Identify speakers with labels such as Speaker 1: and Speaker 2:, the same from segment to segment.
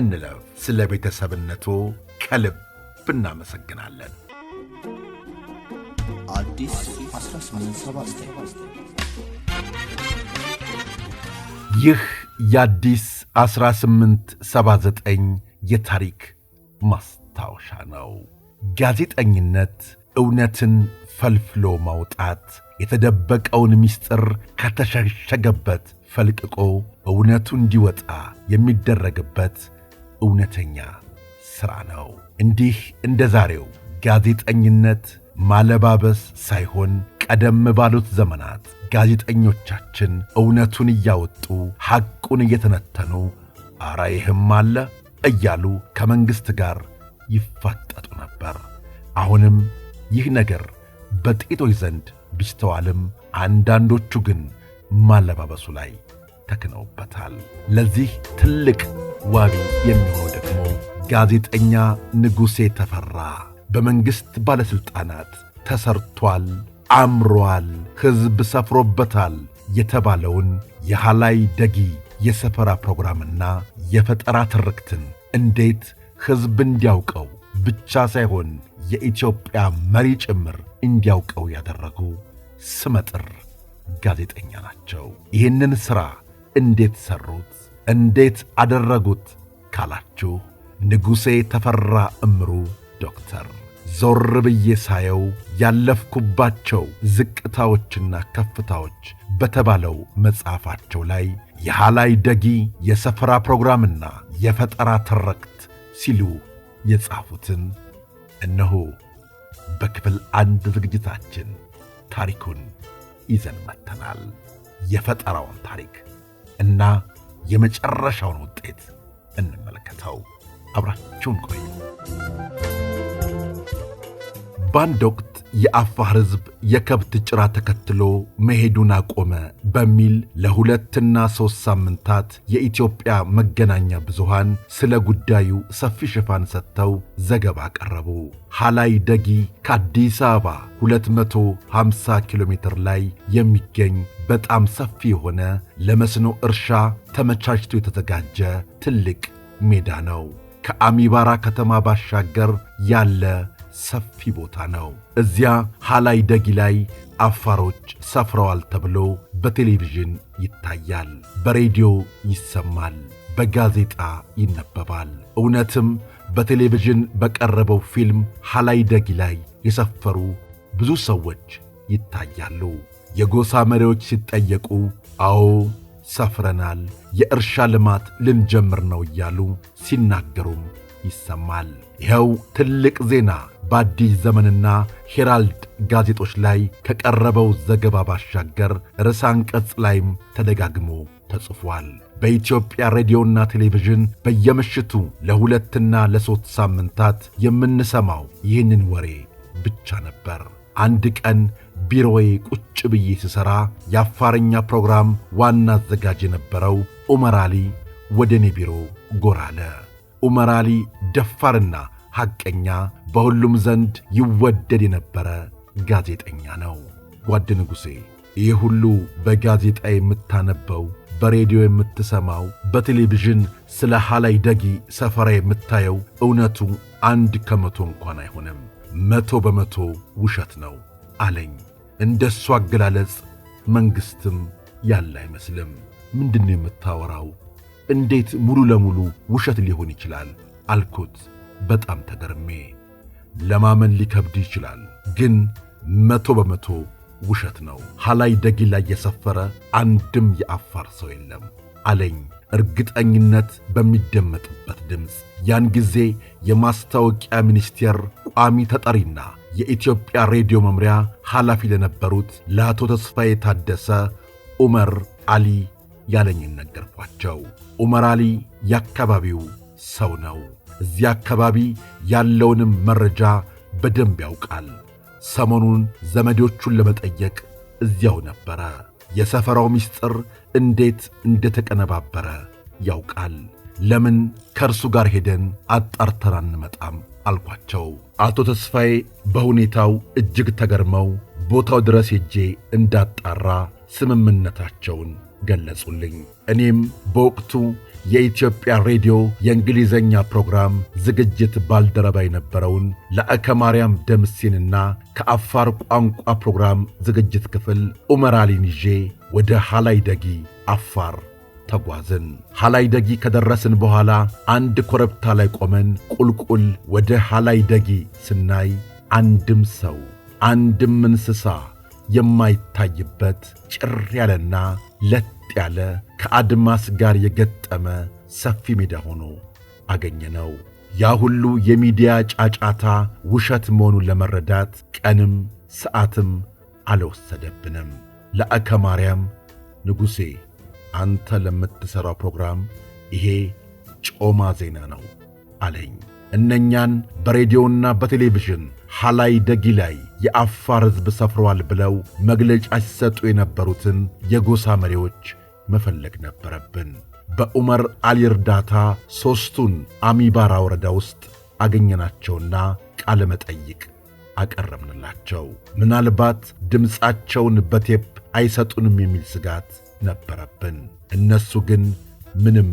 Speaker 1: እንለፍ። ስለ ቤተሰብነቱ ከልብ እናመሰግናለን። ይህ የአዲስ 1879 የታሪክ ማስታወሻ ነው። ጋዜጠኝነት እውነትን ፈልፍሎ ማውጣት፣ የተደበቀውን ምስጢር ከተሸሸገበት ፈልቅቆ እውነቱ እንዲወጣ የሚደረግበት እውነተኛ ሥራ ነው። እንዲህ እንደ ዛሬው ጋዜጠኝነት ማለባበስ ሳይሆን ቀደም ባሉት ዘመናት ጋዜጠኞቻችን እውነቱን እያወጡ ሐቁን እየተነተኑ አረ ይህም አለ እያሉ ከመንግሥት ጋር ይፋጠጡ ነበር። አሁንም ይህ ነገር በጥቂቶች ዘንድ ቢስተዋልም አንዳንዶቹ ግን ማለባበሱ ላይ ተክነውበታል። ለዚህ ትልቅ ዋቢ የሚሆነው ደግሞ ጋዜጠኛ ንጉሴ ተፈራ በመንግሥት ባለሥልጣናት ተሰርቷል፣ አምሯል፣ ሕዝብ ሰፍሮበታል የተባለውን የሃላይ ደጊ የሰፈራ ፕሮግራምና የፈጠራ ትርክትን እንዴት ሕዝብ እንዲያውቀው ብቻ ሳይሆን የኢትዮጵያ መሪ ጭምር እንዲያውቀው ያደረጉ ስመጥር ጋዜጠኛ ናቸው። ይህንን ሥራ እንዴት ሠሩት፣ እንዴት አደረጉት ካላችሁ ንጉሴ ተፈራ እምሩ ዶክተር ዞር ብዬ ሳየው ያለፍኩባቸው ዝቅታዎችና ከፍታዎች በተባለው መጽሐፋቸው ላይ የሃላይ ደጊ የሰፈራ ፕሮግራምና የፈጠራ ትረክት ሲሉ የጻፉትን እነሆ በክፍል አንድ ዝግጅታችን ታሪኩን ይዘን መጥተናል። የፈጠራውን ታሪክ እና የመጨረሻውን ውጤት እንመለከተው። አብራችሁን ቆዩ። በአንድ ወቅት የአፋር ሕዝብ የከብት ጭራ ተከትሎ መሄዱን አቆመ በሚል ለሁለትና ሦስት ሳምንታት የኢትዮጵያ መገናኛ ብዙሃን ስለ ጉዳዩ ሰፊ ሽፋን ሰጥተው ዘገባ ቀረቡ። ሃላይ ደጊ ከአዲስ አበባ 250 ኪሎ ሜትር ላይ የሚገኝ በጣም ሰፊ የሆነ ለመስኖ እርሻ ተመቻችቶ የተዘጋጀ ትልቅ ሜዳ ነው። ከአሚባራ ከተማ ባሻገር ያለ ሰፊ ቦታ ነው። እዚያ ሃላይ ደጊ ላይ አፋሮች ሰፍረዋል ተብሎ በቴሌቪዥን ይታያል፣ በሬዲዮ ይሰማል፣ በጋዜጣ ይነበባል። እውነትም በቴሌቪዥን በቀረበው ፊልም ሃላይ ደጊ ላይ የሰፈሩ ብዙ ሰዎች ይታያሉ። የጎሳ መሪዎች ሲጠየቁ አዎ ሰፍረናል፣ የእርሻ ልማት ልንጀምር ነው እያሉ ሲናገሩም ይሰማል። ይኸው ትልቅ ዜና በአዲስ ዘመንና ሄራልድ ጋዜጦች ላይ ከቀረበው ዘገባ ባሻገር ርዕሰ አንቀጽ ላይም ተደጋግሞ ተጽፏል። በኢትዮጵያ ሬዲዮና ቴሌቪዥን በየምሽቱ ለሁለትና ለሦስት ሳምንታት የምንሰማው ይህንን ወሬ ብቻ ነበር። አንድ ቀን ቢሮዬ ቁጭ ብዬ ስሠራ የአፋርኛ ፕሮግራም ዋና አዘጋጅ የነበረው ዑመር አሊ ወደ እኔ ቢሮ ጎራ አለ። ዑመር አሊ ደፋርና ሐቀኛ፣ በሁሉም ዘንድ ይወደድ የነበረ ጋዜጠኛ ነው። ጓድ ንጉሴ ይህ ሁሉ በጋዜጣ የምታነበው በሬዲዮ የምትሰማው በቴሌቪዥን ስለ ሃላይ ደጊ ሰፈራ የምታየው እውነቱ አንድ ከመቶ እንኳን አይሆንም፣ መቶ በመቶ ውሸት ነው አለኝ። እንደ እሱ አገላለጽ መንግሥትም ያለ አይመስልም። ምንድን ነው የምታወራው? እንዴት ሙሉ ለሙሉ ውሸት ሊሆን ይችላል? አልኩት። በጣም ተገርሜ ለማመን ሊከብድ ይችላል፣ ግን መቶ በመቶ ውሸት ነው። ሐላይ ደጊ ላይ የሰፈረ አንድም የአፋር ሰው የለም አለኝ እርግጠኝነት በሚደመጥበት ድምፅ። ያን ጊዜ የማስታወቂያ ሚኒስቴር ቋሚ ተጠሪና የኢትዮጵያ ሬዲዮ መምሪያ ኃላፊ ለነበሩት ለአቶ ተስፋዬ ታደሰ ዑመር አሊ ያለኝን ነገርኳቸው። ዑመር አሊ የአካባቢው ሰው ነው። እዚያ አካባቢ ያለውንም መረጃ በደንብ ያውቃል። ሰሞኑን ዘመዶቹን ለመጠየቅ እዚያው ነበረ። የሰፈራው ምስጢር እንዴት እንደተቀነባበረ ያውቃል። ለምን ከእርሱ ጋር ሄደን አጣርተን አንመጣም አልኳቸው። አቶ ተስፋዬ በሁኔታው እጅግ ተገርመው ቦታው ድረስ ሄጄ እንዳጣራ ስምምነታቸውን ገለጹልኝ። እኔም በወቅቱ የኢትዮጵያ ሬዲዮ የእንግሊዘኛ ፕሮግራም ዝግጅት ባልደረባ የነበረውን ለአከ ማርያም ደምሴንና ከአፋር ቋንቋ ፕሮግራም ዝግጅት ክፍል ዑመር አሊን ይዤ ወደ ደጊ አፋር ተጓዝን። ሃላይ ደጊ ከደረስን በኋላ አንድ ኮረብታ ላይ ቆመን ቁልቁል ወደ ሃላይ ደጊ ስናይ አንድም ሰው አንድም እንስሳ የማይታይበት ጭር ያለና ለት ያለ ከአድማስ ጋር የገጠመ ሰፊ ሜዳ ሆኖ አገኘ ነው። ያ ሁሉ የሚዲያ ጫጫታ ውሸት መሆኑን ለመረዳት ቀንም ሰዓትም አልወሰደብንም። ለአከ ማርያም ንጉሴ አንተ ለምትሠራው ፕሮግራም ይሄ ጮማ ዜና ነው አለኝ። እነኛን በሬዲዮና በቴሌቪዥን ሐላይ ደጊ ላይ የአፋር ሕዝብ ሰፍረዋል ብለው መግለጫ ሲሰጡ የነበሩትን የጎሳ መሪዎች መፈለግ ነበረብን። በዑመር አሊ እርዳታ ሦስቱን አሚባራ ወረዳ ውስጥ አገኘናቸውና ቃለ መጠይቅ አቀረብንላቸው። ምናልባት ድምፃቸውን በቴፕ አይሰጡንም የሚል ስጋት ነበረብን። እነሱ ግን ምንም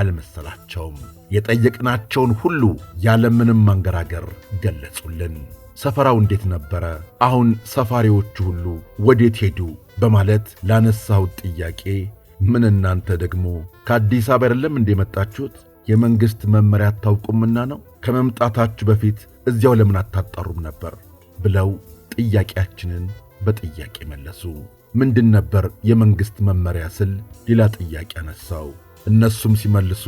Speaker 1: አልመሰላቸውም። የጠየቅናቸውን ሁሉ ያለምንም ማንገራገር ገለጹልን። ሰፈራው እንዴት ነበረ? አሁን ሰፋሪዎቹ ሁሉ ወዴት ሄዱ? በማለት ላነሳሁት ጥያቄ ምን እናንተ ደግሞ ከአዲስ አበባ አይደለም እንዴ የመጣችሁት? የመንግሥት መመሪያ አታውቁምና ነው? ከመምጣታችሁ በፊት እዚያው ለምን አታጣሩም ነበር? ብለው ጥያቄያችንን በጥያቄ መለሱ። ምንድን ነበር የመንግሥት መመሪያ ስል ሌላ ጥያቄ አነሳው። እነሱም ሲመልሱ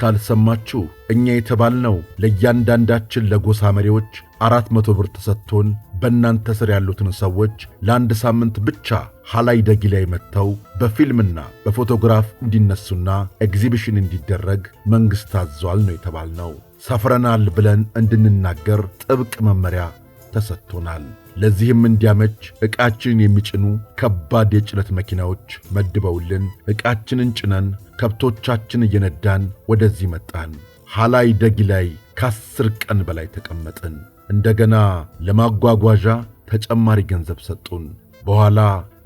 Speaker 1: ካልሰማችሁ እኛ የተባልነው ለእያንዳንዳችን ለጎሳ መሪዎች አራት መቶ ብር ተሰጥቶን በእናንተ ስር ያሉትን ሰዎች ለአንድ ሳምንት ብቻ ሐላይ ደጊ ላይ መጥተው በፊልምና በፎቶግራፍ እንዲነሱና ኤግዚቢሽን እንዲደረግ መንግሥት አዟል ነው የተባልነው። ሰፍረናል ብለን እንድንናገር ጥብቅ መመሪያ ተሰጥቶናል። ለዚህም እንዲያመች ዕቃችንን የሚጭኑ ከባድ የጭነት መኪናዎች መድበውልን ዕቃችንን ጭነን ከብቶቻችን እየነዳን ወደዚህ መጣን። ሐላይ ደጊ ላይ ከአስር ቀን በላይ ተቀመጥን። እንደገና ለማጓጓዣ ተጨማሪ ገንዘብ ሰጡን። በኋላ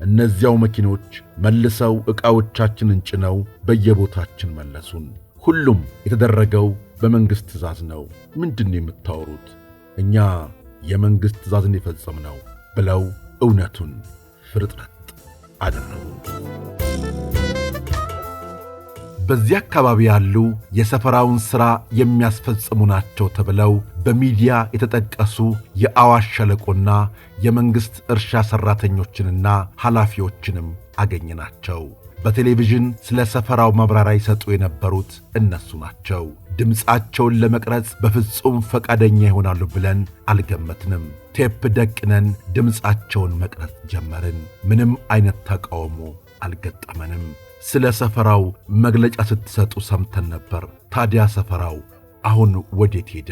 Speaker 1: እነዚያው መኪኖች መልሰው ዕቃዎቻችንን ጭነው በየቦታችን መለሱን። ሁሉም የተደረገው በመንግሥት ትእዛዝ ነው። ምንድን የምታወሩት? እኛ የመንግሥት ትእዛዝን የፈጸምነው ብለው እውነቱን ፍርጥረት አደረጉት። በዚህ አካባቢ ያሉ የሰፈራውን ሥራ የሚያስፈጽሙ ናቸው ተብለው በሚዲያ የተጠቀሱ የአዋሽ ሸለቆና የመንግሥት እርሻ ሠራተኞችንና ኃላፊዎችንም አገኘናቸው። በቴሌቪዥን ስለ ሰፈራው ማብራሪያ ይሰጡ የነበሩት እነሱ ናቸው። ድምፃቸውን ለመቅረጽ በፍጹም ፈቃደኛ ይሆናሉ ብለን አልገመትንም። ቴፕ ደቅነን ድምፃቸውን መቅረጽ ጀመርን። ምንም አይነት ተቃውሞ አልገጠመንም። ስለ ሰፈራው መግለጫ ስትሰጡ ሰምተን ነበር። ታዲያ ሰፈራው አሁን ወዴት ሄደ?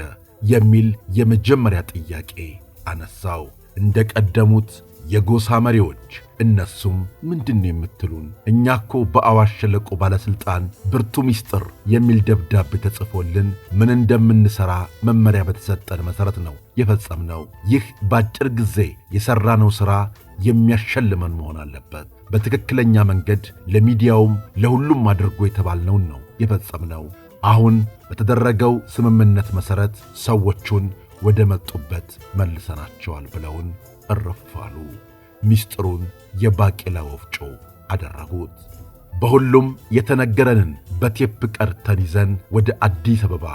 Speaker 1: የሚል የመጀመሪያ ጥያቄ አነሳው። እንደ ቀደሙት የጎሳ መሪዎች እነሱም ምንድን ነው የምትሉን? እኛ እኮ በአዋሽ ሸለቆ ባለሥልጣን ብርቱ ሚስጥር የሚል ደብዳቤ ተጽፎልን ምን እንደምንሠራ መመሪያ በተሰጠን መሠረት ነው የፈጸምነው። ይህ በአጭር ጊዜ የሠራነው ሥራ የሚያሸልመን መሆን አለበት። በትክክለኛ መንገድ ለሚዲያውም ለሁሉም አድርጎ የተባልነውን ነው የፈጸምነው። አሁን በተደረገው ስምምነት መሠረት ሰዎቹን ወደ መጡበት መልሰናቸዋል ብለውን እረፋሉ። ምስጢሩን የባቄላ ወፍጮ አደረጉት። በሁሉም የተነገረንን በቴፕ ቀርተን ይዘን ወደ አዲስ አበባ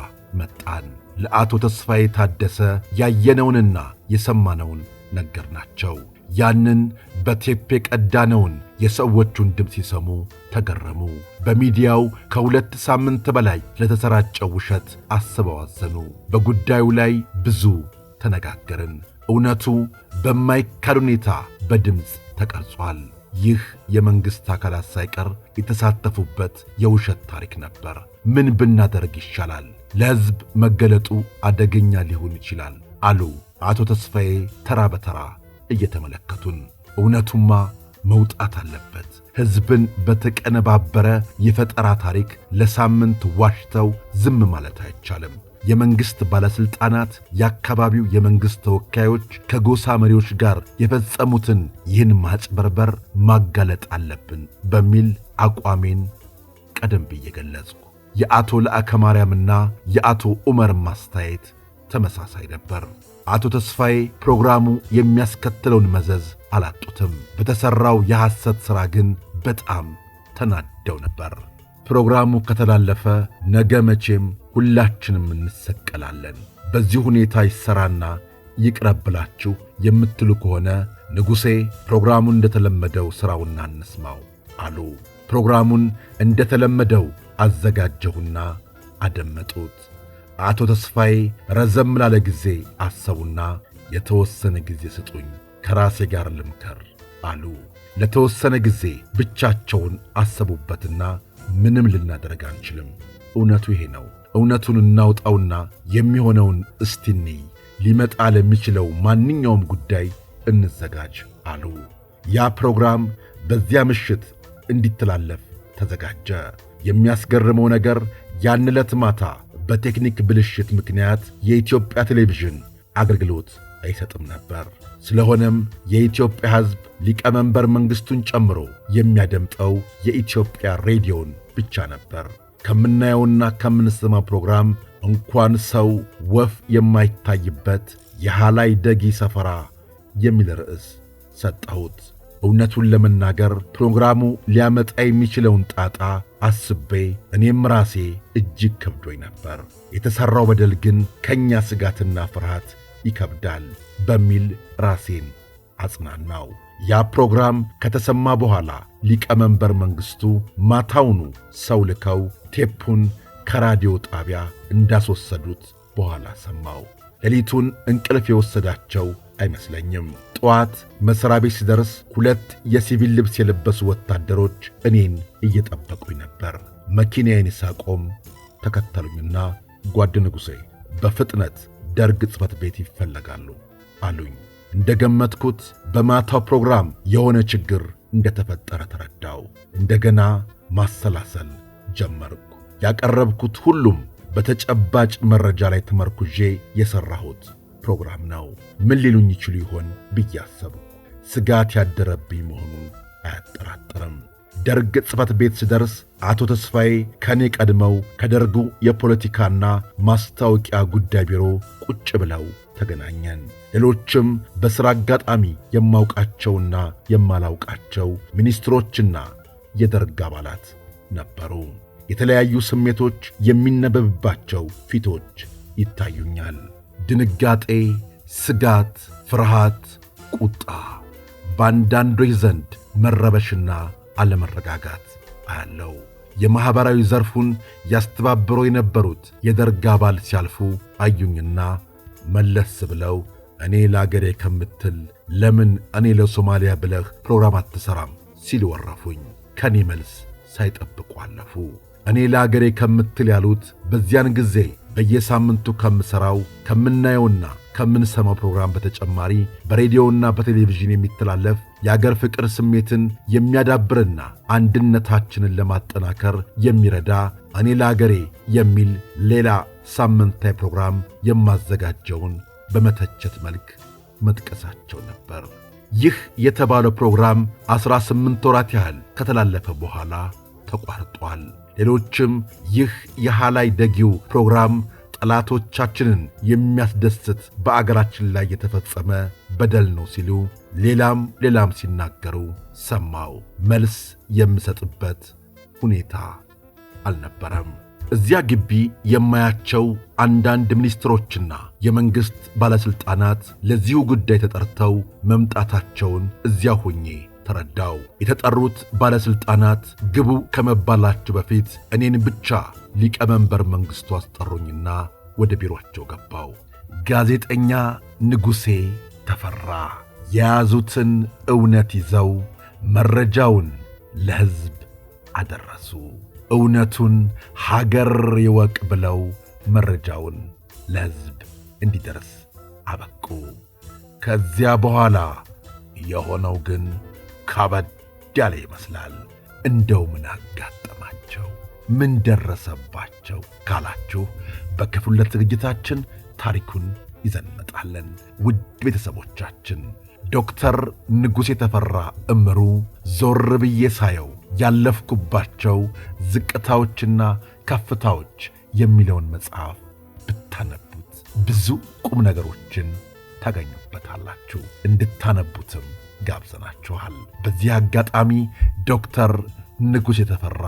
Speaker 1: መጣን። ለአቶ ተስፋዬ ታደሰ ያየነውንና የሰማነውን ነገርናቸው። ያንን በቴፕ የቀዳነውን የሰዎቹን ድምፅ ሲሰሙ ተገረሙ። በሚዲያው ከሁለት ሳምንት በላይ ለተሰራጨው ውሸት አስበው አዘኑ። በጉዳዩ ላይ ብዙ ተነጋገርን። እውነቱ በማይካል ሁኔታ በድምፅ ተቀርጿል። ይህ የመንግሥት አካላት ሳይቀር የተሳተፉበት የውሸት ታሪክ ነበር። ምን ብናደርግ ይሻላል? ለሕዝብ መገለጡ አደገኛ ሊሆን ይችላል አሉ አቶ ተስፋዬ ተራ በተራ እየተመለከቱን እውነቱማ መውጣት አለበት። ሕዝብን በተቀነባበረ የፈጠራ ታሪክ ለሳምንት ዋሽተው ዝም ማለት አይቻልም። የመንግሥት ባለሥልጣናት፣ የአካባቢው የመንግሥት ተወካዮች ከጎሳ መሪዎች ጋር የፈጸሙትን ይህን ማጭበርበር ማጋለጥ አለብን በሚል አቋሜን ቀደም ብዬ ገለጽኩ። የአቶ ለአከ ማርያምና የአቶ ዑመር ማስተያየት ተመሳሳይ ነበር። አቶ ተስፋዬ ፕሮግራሙ የሚያስከትለውን መዘዝ አላጡትም። በተሠራው የሐሰት ሥራ ግን በጣም ተናደው ነበር። ፕሮግራሙ ከተላለፈ ነገ መቼም ሁላችንም እንሰቀላለን። በዚህ ሁኔታ ይሠራና ይቅረብላችሁ የምትሉ ከሆነ ንጉሴ ፕሮግራሙን እንደተለመደው ሥራውና እንስማው አሉ። ፕሮግራሙን እንደተለመደው አዘጋጀሁና አደመጡት። አቶ ተስፋዬ ረዘም ላለ ጊዜ አሰቡና የተወሰነ ጊዜ ስጡኝ፣ ከራሴ ጋር ልምከር አሉ። ለተወሰነ ጊዜ ብቻቸውን አሰቡበትና ምንም ልናደረግ አንችልም፣ እውነቱ ይሄ ነው፣ እውነቱን እናውጣውና የሚሆነውን እስቲኒ ሊመጣ ለሚችለው ማንኛውም ጉዳይ እንዘጋጅ አሉ። ያ ፕሮግራም በዚያ ምሽት እንዲተላለፍ ተዘጋጀ። የሚያስገርመው ነገር ያን ዕለት ማታ በቴክኒክ ብልሽት ምክንያት የኢትዮጵያ ቴሌቪዥን አገልግሎት አይሰጥም ነበር። ስለሆነም የኢትዮጵያ ሕዝብ ሊቀመንበር መንግሥቱን ጨምሮ የሚያደምጠው የኢትዮጵያ ሬዲዮን ብቻ ነበር። ከምናየውና ከምንሰማው ፕሮግራም እንኳን ሰው ወፍ የማይታይበት የሃላይ ደጊ ሰፈራ የሚል ርዕስ ሰጠሁት። እውነቱን ለመናገር ፕሮግራሙ ሊያመጣ የሚችለውን ጣጣ አስቤ እኔም ራሴ እጅግ ከብዶኝ ነበር። የተሠራው በደል ግን ከእኛ ስጋትና ፍርሃት ይከብዳል በሚል ራሴን አጽናናው። ያ ፕሮግራም ከተሰማ በኋላ ሊቀመንበር መንግሥቱ ማታውኑ ሰው ልከው ቴፑን ከራዲዮ ጣቢያ እንዳስወሰዱት በኋላ ሰማው። ሌሊቱን እንቅልፍ የወሰዳቸው አይመስለኝም። ጠዋት መሥሪያ ቤት ሲደርስ ሁለት የሲቪል ልብስ የለበሱ ወታደሮች እኔን እየጠበቁኝ ነበር። መኪናዬን ሳቆም ተከተሉኝና ጓድ ንጉሴ በፍጥነት ደርግ ጽሕፈት ቤት ይፈለጋሉ አሉኝ። እንደ ገመትኩት በማታው ፕሮግራም የሆነ ችግር እንደተፈጠረ ተረዳው። እንደገና ማሰላሰል ጀመርኩ። ያቀረብኩት ሁሉም በተጨባጭ መረጃ ላይ ተመርኩዤ የሠራሁት ፕሮግራም ነው። ምን ሊሉኝ ይችሉ ይሆን ብዬ አሰብኩ። ስጋት ያደረብኝ መሆኑን አያጠራጥርም። ደርግ ጽፈት ቤት ስደርስ አቶ ተስፋዬ ከእኔ ቀድመው ከደርጉ የፖለቲካና ማስታወቂያ ጉዳይ ቢሮ ቁጭ ብለው ተገናኘን። ሌሎችም በሥራ አጋጣሚ የማውቃቸውና የማላውቃቸው ሚኒስትሮችና የደርግ አባላት ነበሩ። የተለያዩ ስሜቶች የሚነበብባቸው ፊቶች ይታዩኛል። ድንጋጤ፣ ስጋት፣ ፍርሃት፣ ቁጣ፣ በአንዳንዶች ዘንድ መረበሽና አለመረጋጋት አያለው። የማኅበራዊ ዘርፉን ያስተባብሮ የነበሩት የደርግ አባል ሲያልፉ አዩኝና መለስ ብለው እኔ ለአገሬ ከምትል ለምን እኔ ለሶማሊያ ብለህ ፕሮግራም አትሠራም ሲል ወረፉኝ። ከኔ መልስ ሳይጠብቁ አለፉ። እኔ ለአገሬ ከምትል ያሉት በዚያን ጊዜ በየሳምንቱ ከምሠራው ከምናየውና ከምንሰማው ፕሮግራም በተጨማሪ በሬዲዮና በቴሌቪዥን የሚተላለፍ የአገር ፍቅር ስሜትን የሚያዳብርና አንድነታችንን ለማጠናከር የሚረዳ እኔ ለአገሬ የሚል ሌላ ሳምንታዊ ፕሮግራም የማዘጋጀውን በመተቸት መልክ መጥቀሳቸው ነበር። ይህ የተባለው ፕሮግራም ዐሥራ ስምንት ወራት ያህል ከተላለፈ በኋላ ተቋርጧል። ሌሎችም ይህ የሃላይ ደጊው ፕሮግራም ጠላቶቻችንን የሚያስደስት በአገራችን ላይ የተፈጸመ በደል ነው ሲሉ ሌላም ሌላም ሲናገሩ ሰማው። መልስ የምሰጥበት ሁኔታ አልነበረም። እዚያ ግቢ የማያቸው አንዳንድ ሚኒስትሮችና የመንግሥት ባለሥልጣናት ለዚሁ ጉዳይ ተጠርተው መምጣታቸውን እዚያ ሆኜ ተረዳው። የተጠሩት ባለሥልጣናት ግቡ ከመባላችሁ በፊት እኔን ብቻ ሊቀመንበር መንግሥቱ አስጠሩኝና ወደ ቢሮአቸው ገባው። ጋዜጠኛ ንጉሴ ተፈራ የያዙትን እውነት ይዘው መረጃውን ለሕዝብ አደረሱ። እውነቱን ሀገር ይወቅ ብለው መረጃውን ለሕዝብ እንዲደርስ አበቁ። ከዚያ በኋላ የሆነው ግን ከበድ ያለ ይመስላል። እንደው ምን አጋጠማቸው፣ ምን ደረሰባቸው ካላችሁ በክፍል ሁለት ዝግጅታችን ታሪኩን ይዘንጣለን። ውድ ቤተሰቦቻችን ዶክተር ንጉሥ የተፈራ እምሩ ዞር ብዬ ሳየው ያለፍኩባቸው ዝቅታዎችና ከፍታዎች የሚለውን መጽሐፍ ብታነቡት ብዙ ቁም ነገሮችን ታገኙበታላችሁ። እንድታነቡትም ጋብዘናችኋል። በዚህ አጋጣሚ ዶክተር ንጉሥ የተፈራ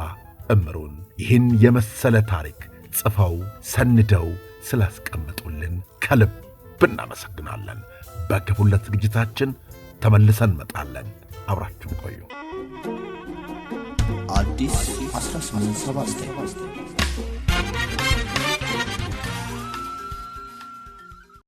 Speaker 1: እምሩን ይህን የመሰለ ታሪክ ጽፈው ሰንደው ስላስቀመጡልን ከልብ እናመሰግናለን። በክፉለት ዝግጅታችን ተመልሰን እንመጣለን። አብራችሁን ቆዩ። አዲስ 1879